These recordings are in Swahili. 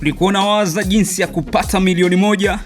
Ulikuwa unawaza jinsi ya kupata milioni moja?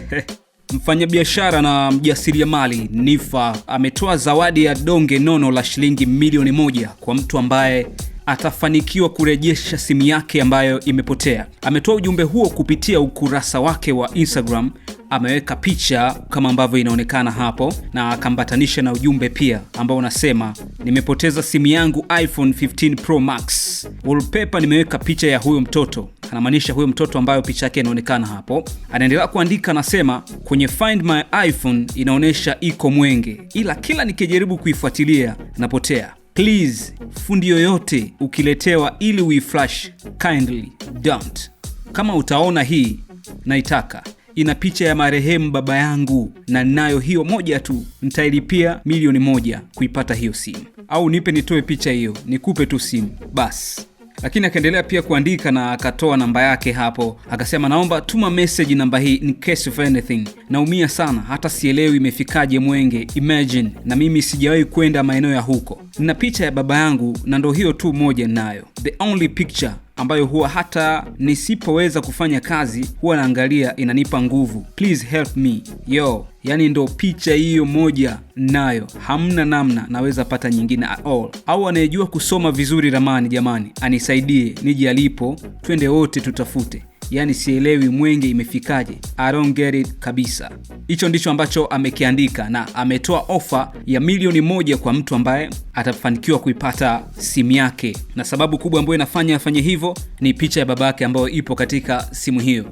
Mfanyabiashara na mjasiriamali Nifa ametoa zawadi ya donge nono la shilingi milioni moja kwa mtu ambaye atafanikiwa kurejesha simu yake ambayo imepotea. Ametoa ujumbe huo kupitia ukurasa wake wa Instagram. Ameweka picha kama ambavyo inaonekana hapo na akambatanisha na ujumbe pia ambao unasema, nimepoteza simu yangu iPhone 15 Pro Max. Wallpaper nimeweka picha ya huyo mtoto anamaanisha huyo mtoto ambayo picha yake inaonekana hapo. Anaendelea kuandika, anasema kwenye Find My iPhone inaonyesha iko Mwenge, ila kila nikijaribu kuifuatilia napotea. Please fundi yoyote ukiletewa ili uiflash kindly don't. Kama utaona hii naitaka ina picha ya marehemu baba yangu na ninayo hiyo moja tu, ntailipia milioni moja kuipata hiyo simu, au nipe nitoe picha hiyo nikupe tu simu basi lakini akaendelea pia kuandika na akatoa namba yake hapo, akasema naomba tuma message namba hii in case of anything. Naumia sana, hata sielewi imefikaje Mwenge, imagine na mimi sijawahi kwenda maeneo ya huko. Nina picha ya baba yangu na ndo hiyo tu moja ninayo, the only picture ambayo huwa hata nisipoweza kufanya kazi huwa naangalia, inanipa nguvu. Please help me yo. Yani ndo picha hiyo moja nayo hamna namna, naweza pata nyingine at all. Au anayejua kusoma vizuri ramani, jamani, anisaidie nije alipo, twende wote tutafute yani sielewi mwenge imefikaje, I don't get it kabisa. Hicho ndicho ambacho amekiandika na ametoa ofa ya milioni moja kwa mtu ambaye atafanikiwa kuipata simu yake, na sababu kubwa ambayo inafanya afanye hivyo ni picha ya baba yake ambayo ipo katika simu hiyo.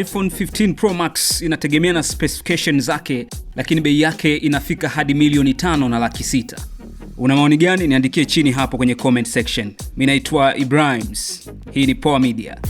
iPhone 15 Pro Max inategemea na specification zake, lakini bei yake inafika hadi milioni tano na laki sita. Una maoni gani? Niandikie chini hapo kwenye comment section. Mimi naitwa Ibrahims, hii ni Poa Media.